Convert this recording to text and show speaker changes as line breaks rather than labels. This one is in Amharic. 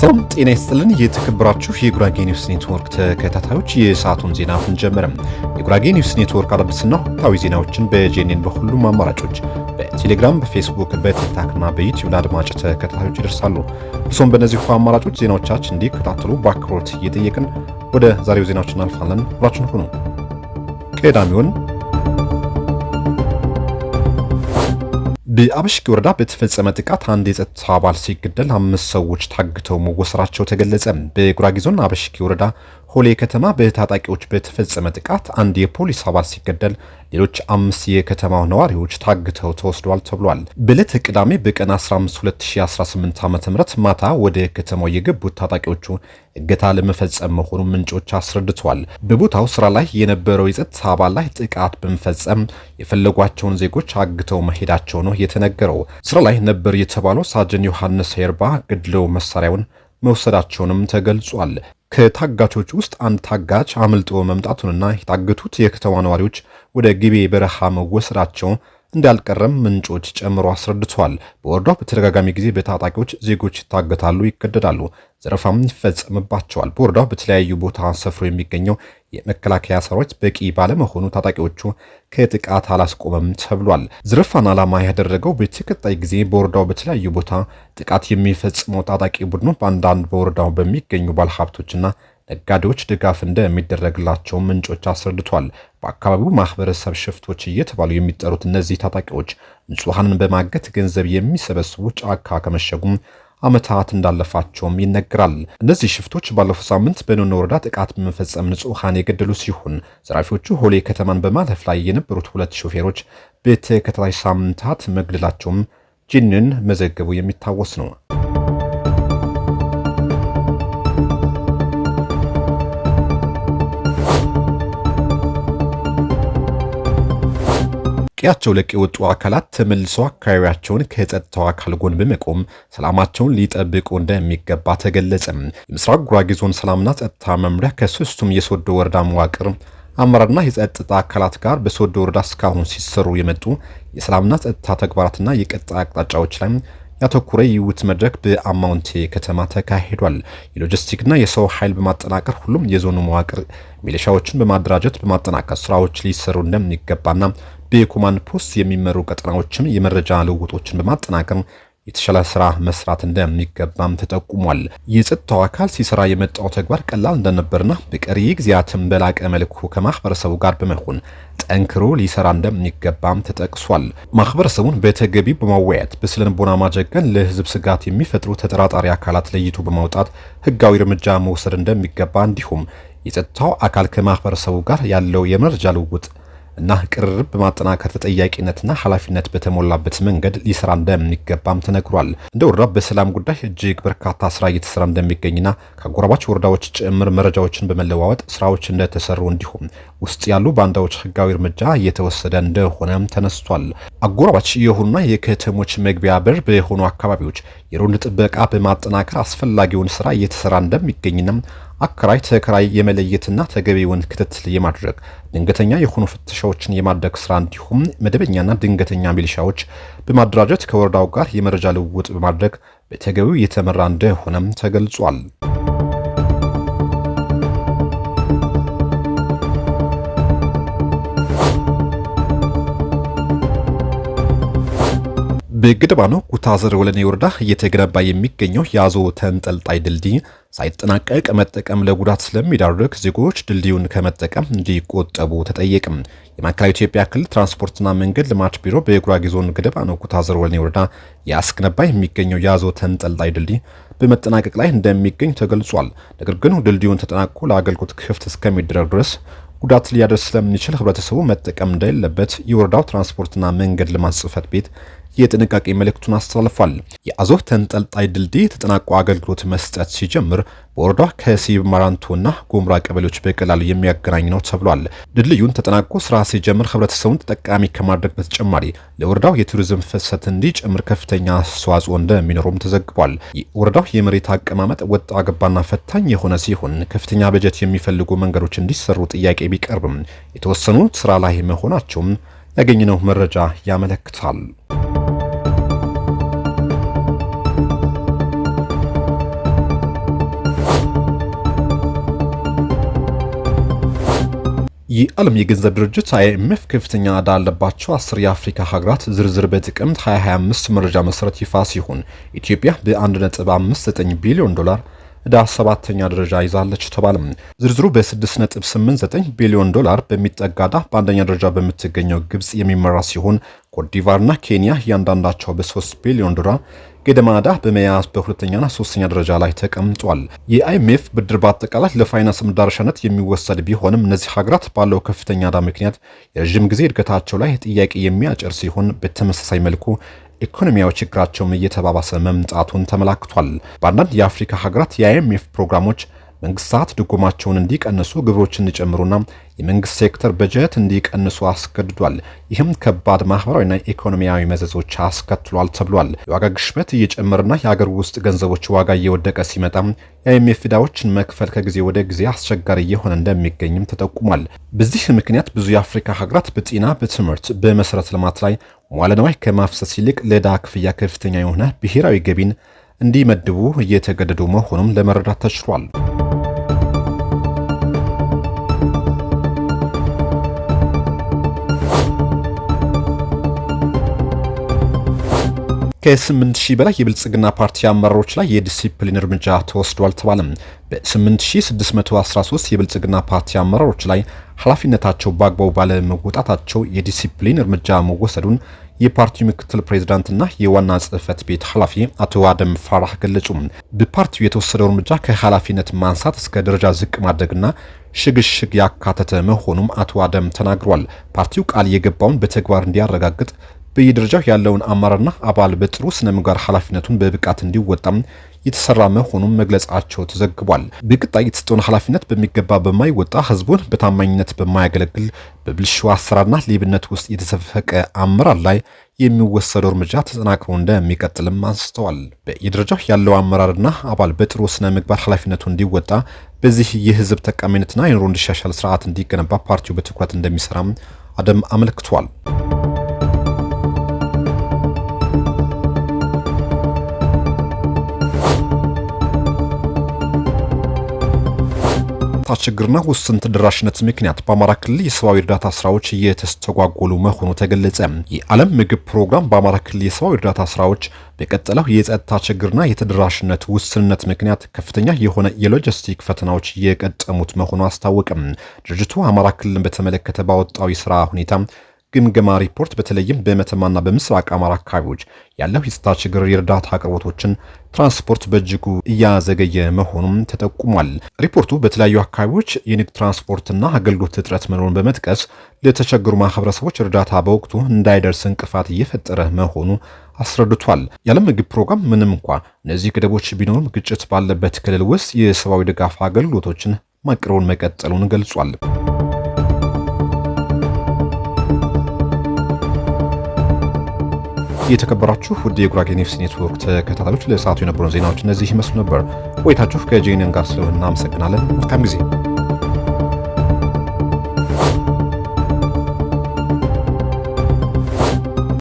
ሰላም ጤና ይስጥልን። የተከበራችሁ የጉራጌ ኒውስ ኔትወርክ ተከታታዮች የሰዓቱን ዜና እንጀምርም። የጉራጌ ኒውስ ኔትወርክ አዳዲስና ወቅታዊ ዜናዎችን በጄኔን በሁሉም አማራጮች በቴሌግራም፣ በፌስቡክ፣ በቲክታክና በዩቲዩብ ለአድማጭ ተከታታዮች ይደርሳሉ። እርስዎም በእነዚሁ አማራጮች ዜናዎቻችን እንዲከታተሉ በአክብሮት እየጠየቅን ወደ ዛሬው ዜናዎች እናልፋለን። ሁላችን ሁኑ። ቀዳሚውን በአብሽቂ ወረዳ በተፈጸመ ጥቃት አንድ የጸጥታ አባል ሲገደል አምስት ሰዎች ታግተው መወሰራቸው ተገለጸ። በጉራጌ ዞን አብሽቂ ወረዳ ሆሌ ከተማ በታጣቂዎች በተፈጸመ ጥቃት አንድ የፖሊስ አባል ሲገደል ሌሎች አምስት የከተማው ነዋሪዎች ታግተው ተወስደዋል ተብሏል። በዕለተ ቅዳሜ በቀን 15 2018 ዓ ም ማታ ወደ ከተማው የገቡት ታጣቂዎቹ እገታ ለመፈጸም መሆኑን ምንጮች አስረድተዋል። በቦታው ስራ ላይ የነበረው የጸጥታ አባል ላይ ጥቃት በመፈጸም የፈለጓቸውን ዜጎች አግተው መሄዳቸው ነው የተነገረው። ስራ ላይ ነበር የተባለው ሳጅን ዮሐንስ ሄርባ ገድለው መሳሪያውን መወሰዳቸውንም ተገልጿል። ከታጋቾች ውስጥ አንድ ታጋች አምልጦ መምጣቱንና የታገቱት የከተማ ነዋሪዎች ወደ ግቤ በረሃ መወሰዳቸው እንዳልቀረም ምንጮች ጨምሮ አስረድቷል። በወረዳ በተደጋጋሚ ጊዜ በታጣቂዎች ዜጎች ይታገታሉ፣ ይገደዳሉ፣ ዘረፋም ይፈጸምባቸዋል። በወረዳው በተለያዩ ቦታ ሰፍሮ የሚገኘው የመከላከያ ሰራዊት በቂ ባለመሆኑ ታጣቂዎቹ ከጥቃት አላስቆመም ተብሏል። ዝርፋን ዓላማ ያደረገው በተከታይ ጊዜ በወረዳው በተለያዩ ቦታ ጥቃት የሚፈጽመው ታጣቂ ቡድኑ በአንዳንድ በወረዳው በሚገኙ ባለሀብቶችና ነጋዴዎች ድጋፍ እንደሚደረግላቸው ምንጮች አስረድቷል። በአካባቢው ማህበረሰብ ሽፍቶች እየተባሉ የሚጠሩት እነዚህ ታጣቂዎች ንጹሐንን በማገት ገንዘብ የሚሰበስቡ ጫካ ከመሸጉም ዓመታት እንዳለፋቸውም ይነገራል። እነዚህ ሽፍቶች ባለፈው ሳምንት በኖኖ ወረዳ ጥቃት በመፈጸም ንጹሐን የገደሉ ሲሆን ዘራፊዎቹ ሆሌ ከተማን በማለፍ ላይ የነበሩት ሁለት ሾፌሮች በተከታታይ ሳምንታት መግደላቸውም ጂንን መዘገቡ የሚታወስ ነው።
ቀያቸው ለቀው የወጡ አካላት ተመልሰው አካባቢያቸውን ከጸጥታው አካል ጎን በመቆም ሰላማቸውን ሊጠብቁ እንደሚገባ ተገለጸ። የምስራቅ ጉራጌ ዞን ሰላምና ጸጥታ መምሪያ ከሶስቱም የሶዶ ወረዳ መዋቅር አመራርና የጸጥታ አካላት ጋር በሶዶ ወረዳ እስካሁን ሲሰሩ የመጡ የሰላምና ጸጥታ ተግባራትና የቀጣይ አቅጣጫዎች ላይ ያተኮረ የውይይት መድረክ በአማውንቴ ከተማ ተካሂዷል። የሎጂስቲክና የሰው ኃይል በማጠናከር ሁሉም የዞኑ መዋቅር ሚሊሻዎችን በማደራጀት በማጠናከር ስራዎች ሊሰሩ እንደሚገባና በኮማንድ ፖስት የሚመሩ ቀጠናዎችም የመረጃ ልውውጦችን በማጠናከር የተሻለ ስራ መስራት እንደሚገባም ተጠቁሟል። የጸጥታው አካል ሲሰራ የመጣው ተግባር ቀላል እንደነበርና በቀሪ ጊዜያትም በላቀ መልኩ ከማህበረሰቡ ጋር በመሆን ጠንክሮ ሊሰራ እንደሚገባም ተጠቅሷል። ማህበረሰቡን በተገቢ በማወያየት በስነልቦና ማጀገን ለህዝብ ስጋት የሚፈጥሩ ተጠራጣሪ አካላት ለይቶ በማውጣት ህጋዊ እርምጃ መውሰድ እንደሚገባ እንዲሁም የጸጥታው አካል ከማህበረሰቡ ጋር ያለው የመረጃ ልውውጥ እና ቅርርብ በማጠናከር ተጠያቂነትና ኃላፊነት በተሞላበት መንገድ ሊሰራ እንደሚገባም ተነግሯል። እንደ ወረዳ በሰላም ጉዳይ እጅግ በርካታ ስራ እየተሰራ እንደሚገኝና ከአጎራባች ወረዳዎች ጭምር መረጃዎችን በመለዋወጥ ስራዎች እንደተሰሩ እንዲሁም ውስጥ ያሉ ባንዳዎች ህጋዊ እርምጃ እየተወሰደ እንደሆነም ተነስቷል። አጎራባች የሆኑና የከተሞች መግቢያ በር በሆኑ አካባቢዎች የሮንድ ጥበቃ በማጠናከር አስፈላጊውን ስራ እየተሰራ እንደሚገኝና አከራይ ተከራይ የመለየትና ተገቢውን ክትትል የማድረግ ድንገተኛ የሆኑ ፍተሻዎችን የማድረግ ስራ እንዲሁም መደበኛና ድንገተኛ ሚሊሻዎች በማደራጀት ከወረዳው ጋር የመረጃ ልውውጥ በማድረግ በተገቢው እየተመራ እንደሆነም ተገልጿል።
በግድባኖ ኩታዘር ወለኔ ወረዳ እየተገነባ የሚገኘው የአዞ ተንጠልጣይ ድልድይ ሳይጠናቀቅ መጠቀም ለጉዳት ስለሚዳርግ ዜጎች ድልድዩን ከመጠቀም እንዲቆጠቡ ተጠየቅም። የማዕከላዊ ኢትዮጵያ ክልል ትራንስፖርትና መንገድ ልማት ቢሮ በጉራጌ ዞን ግድባኖ ኩታዘር ወለኔ ወረዳ ያስገነባ የሚገኘው የአዞ ተንጠልጣይ ድልድይ በመጠናቀቅ ላይ እንደሚገኝ ተገልጿል። ነገር ግን ድልድዩን ተጠናቆ ለአገልግሎት ክፍት እስከሚደረግ ድረስ ጉዳት ሊያደርስ ስለምንችል ህብረተሰቡ መጠቀም እንደሌለበት የወረዳው ትራንስፖርትና መንገድ ልማት ጽሕፈት ቤት የጥንቃቄ መልእክቱን አስተላልፏል። የአዞህ ተንጠልጣይ ድልድይ ተጠናቆ አገልግሎት መስጠት ሲጀምር በወረዳ ከሲብ ማራንቶና ጎምራ ቀበሌዎች በቀላሉ የሚያገናኝ ነው ተብሏል። ድልድዩን ተጠናቆ ስራ ሲጀምር ህብረተሰቡን ተጠቃሚ ከማድረግ በተጨማሪ ለወረዳው የቱሪዝም ፍሰት እንዲጨምር ከፍተኛ አስተዋጽኦ እንደሚኖረውም ተዘግቧል። ወረዳው የመሬት አቀማመጥ ወጣ ገባና ፈታኝ የሆነ ሲሆን ከፍተኛ በጀት የሚፈልጉ መንገዶች እንዲሰሩ ጥያቄ ቢቀርብም የተወሰኑ ስራ ላይ መሆናቸውም ያገኘነው መረጃ ያመለክታል።
የዓለም የገንዘብ ድርጅት አይኤምኤፍ ከፍተኛ ዕዳ ያለባቸው አስር የአፍሪካ ሀገራት ዝርዝር በጥቅምት 2025 መረጃ መሰረት ይፋ ሲሆን ኢትዮጵያ በ1.59 ቢሊዮን ዶላር ዕዳ ሰባተኛ ደረጃ ይዛለች ተባለም። ዝርዝሩ በ6.89 ቢሊዮን ዶላር በሚጠጋ ዕዳ በአንደኛ ደረጃ በምትገኘው ግብፅ የሚመራ ሲሆን ኮትዲቫርና ኬንያ እያንዳንዳቸው በ3 ቢሊዮን ዶላር ገደማ ዕዳ በመያዝ በሁለተኛና ሶስተኛ ደረጃ ላይ ተቀምጧል። የአይኤምኤፍ ብድር በአጠቃላይ ለፋይናንስ መዳረሻነት የሚወሰድ ቢሆንም እነዚህ ሀገራት ባለው ከፍተኛ ዕዳ ምክንያት የረዥም ጊዜ እድገታቸው ላይ ጥያቄ የሚያጭር ሲሆን በተመሳሳይ መልኩ ኢኮኖሚያዊ ችግራቸውም እየተባባሰ መምጣቱን ተመላክቷል። በአንዳንድ የአፍሪካ ሀገራት የአይኤምኤፍ ፕሮግራሞች መንግስታት ድጎማቸውን እንዲቀንሱ ግብሮች እንዲጨምሩና የመንግስት ሴክተር በጀት እንዲቀንሱ አስገድዷል። ይህም ከባድ ማህበራዊና ኢኮኖሚያዊ መዘዞች አስከትሏል ተብሏል። የዋጋ ግሽበት እየጨመረና የአገር ውስጥ ገንዘቦች ዋጋ እየወደቀ ሲመጣ የአይኤምኤፍ ዕዳዎችን መክፈል ከጊዜ ወደ ጊዜ አስቸጋሪ እየሆነ እንደሚገኝም ተጠቁሟል። በዚህ ምክንያት ብዙ የአፍሪካ ሀገራት በጤና፣ በትምህርት፣ በመሰረተ ልማት ላይ መዋለ ንዋይ ከማፍሰስ ይልቅ ለዕዳ ክፍያ ከፍተኛ የሆነ ብሔራዊ ገቢን እንዲመድቡ እየተገደዱ መሆኑም ለመረዳት ተችሏል።
ከ ሺህ በላይ የብልጽግና ፓርቲ አመራሮች ላይ የዲሲፕሊን እርምጃ ተወስዷል ተባለም። በ8613 የብልጽግና ፓርቲ አመራሮች ላይ ኃላፊነታቸው በአግባቡ ባለመወጣታቸው የዲሲፕሊን እርምጃ መወሰዱን የፓርቲው ምክትል ፕሬዝዳንትና የዋና ጽህፈት ቤት ኃላፊ አቶ አደም ፋራህ ገለጹ። በፓርቲው የተወሰደው እርምጃ ከኃላፊነት ማንሳት እስከ ደረጃ ዝቅ ማድረግና ሽግሽግ ያካተተ መሆኑም አቶ አደም ተናግሯል። ፓርቲው ቃል የገባውን በተግባር እንዲያረጋግጥ በየደረጃው ያለውን አመራርና አባል በጥሩ ስነ ምግባር ኃላፊነቱን በብቃት እንዲወጣም የተሰራ መሆኑን መግለጻቸው ተዘግቧል። በቅጣይ የተሰጠውን ኃላፊነት በሚገባ በማይወጣ ህዝቡን በታማኝነት በማያገለግል በብልሹ አሰራርና ሌብነት ውስጥ የተዘፈቀ አመራር ላይ የሚወሰደው እርምጃ ተጠናክሮ እንደሚቀጥልም አንስተዋል። በየደረጃው ያለው አመራርና አባል በጥሩ ስነ ምግባር ኃላፊነቱ እንዲወጣ በዚህ የህዝብ ተቃሚነትና የኑሮ እንዲሻሻል ስርዓት እንዲገነባ ፓርቲው በትኩረት እንደሚሰራም አደም አመልክቷል።
የጸጥታ ችግርና ውስን ተደራሽነት ምክንያት በአማራ ክልል የሰብአዊ እርዳታ ስራዎች እየተስተጓጎሉ መሆኑ ተገለጸ። የዓለም ምግብ ፕሮግራም በአማራ ክልል የሰብአዊ እርዳታ ስራዎች በቀጠለው የጸጥታ ችግርና የተደራሽነት ውስንነት ምክንያት ከፍተኛ የሆነ የሎጂስቲክ ፈተናዎች እየቀጠሙት መሆኑ አስታወቀም። ድርጅቱ አማራ ክልልን በተመለከተ ባወጣው የስራ ሁኔታ ግምገማ ሪፖርት በተለይም በመተማና በምስራቅ አማራ አካባቢዎች ያለው የጸጥታ ችግር የእርዳታ አቅርቦቶችን ትራንስፖርት በእጅጉ እያዘገየ መሆኑም ተጠቁሟል። ሪፖርቱ በተለያዩ አካባቢዎች የንግድ ትራንስፖርትና አገልግሎት እጥረት መኖሩን በመጥቀስ ለተቸገሩ ማህበረሰቦች እርዳታ በወቅቱ እንዳይደርስ እንቅፋት እየፈጠረ መሆኑ አስረድቷል። የዓለም ምግብ ፕሮግራም ምንም እንኳ እነዚህ ገደቦች ቢኖሩም ግጭት ባለበት ክልል ውስጥ የሰብአዊ ድጋፍ አገልግሎቶችን ማቅረቡን መቀጠሉን ገልጿል።
የተከበራችሁ ውድ የጉራጌ ኒውስ ኔትወርክ ተከታታዮች ለሰዓቱ የነበሩን ዜናዎች እነዚህ ይመስሉ ነበር። ቆይታችሁ ከጄኔን ጋር ስለሆነ እናመሰግናለን። መልካም ጊዜ